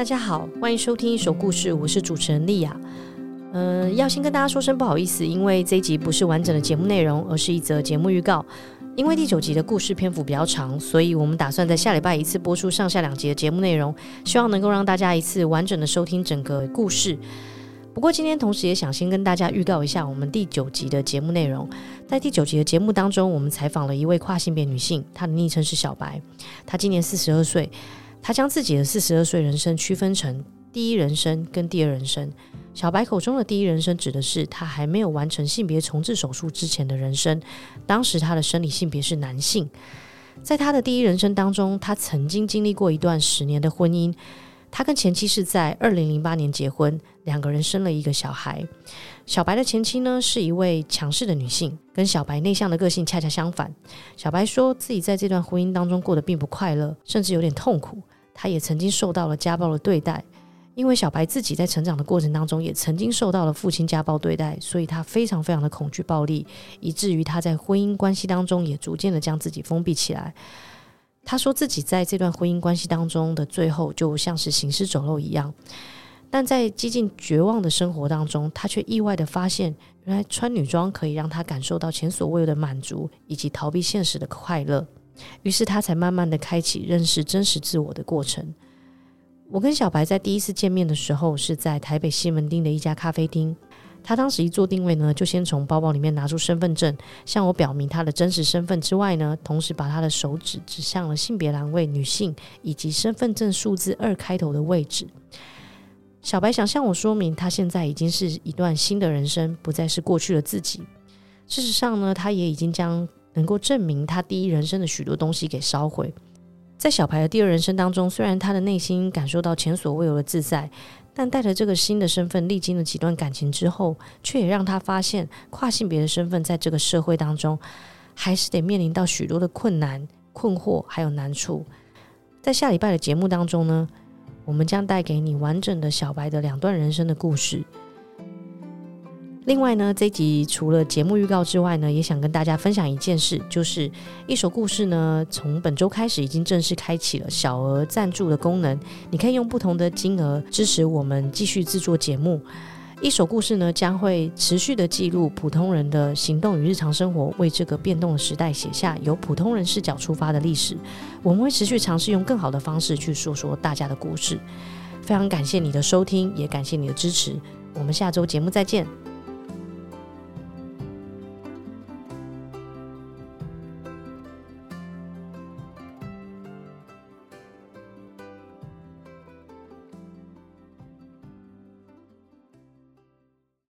大家好，歡迎收聽《一手故事》，我是主持人莉雅。嗯、呃，要先跟大家說聲不好意思，因為這一集不是完整的節目內容，而是一則節目預告。因為第九集的故事篇幅比較長，所以我們打算在下禮拜一次播出上下兩集的節目內容，希望能夠讓大家一次完整的收聽整個故事。不過今天同時也想先跟大家預告一下我們第九集的節目內容。在第九集的節目當中，我們採訪了一位跨性別女性，她的昵稱是小白，她今年四十二歲。他將自己的四十二歲人生區分成第一人生跟第二人生。小白口中的第一人生指的是他還沒有完成性別重置手術之前的人生。當時他的生理性別是男性，在他的第一人生當中，他曾經經歷過一段十年的婚姻。他跟前妻是在二零零八年結婚，兩個人生了一個小孩。小白的前妻呢，是一位強勢的女性，跟小白內向的個性恰恰相反。小白說自己在這段婚姻當中過得並不快樂，甚至有點痛苦。他也曾經受到了家暴的對待，因為小白自己在成長的過程當中也曾經受到了父親家暴對待，所以他非常非常的恐懼暴力，以至於他在婚姻關係當中也逐漸的將自己封閉起來。他說自己在這段婚姻關係當中的最後就像是行屍走肉一樣，但在幾近絕望的生活當中，他卻意外的發現，原來穿女裝可以讓他感受到前所未有的滿足，以及逃避現實的快樂。於是他才慢慢的開啟認識真實自我的過程。我跟小白在第一次見面的時候是在台北西門町的一家咖啡廳。他當時一坐定位呢，就先從包包裡面拿出身份證，向我表明他的真實身份之外呢，同時把他的手指指向了性別欄位女性以及身份證數字二開頭的位置。小白想向我說明，他現在已經是一段新的人生，不再是過去的自己。事實上呢，他也已經將能夠證明他第一人生的許多東西給燒毀，在小白的第二人生當中，雖然他的內心感受到前所未有的自在，但帶着這個新的身份，歷經了幾段感情之後，卻也讓他發現跨性別的身份在這個社會當中，還是得面臨到許多的困難、困惑還有難處。在下禮拜的節目當中呢，我們將帶給你完整的小白的兩段人生的故事。另外呢，這集除了節目預告之外呢，也想跟大家分享一件事，就是《一手故事》呢，從本周開始已經正式開啟了小額贊助的功能，你可以用不同的金額支持我們繼續製作節目。《一手故事》呢，將會持續的記錄普通人的行動與日常生活，為這個變動的時代寫下由普通人視角出發的歷史。我們會持續嘗試用更好的方式去說說大家的故事。非常感謝你的收聽，也感謝你的支持。我們下周節目再見。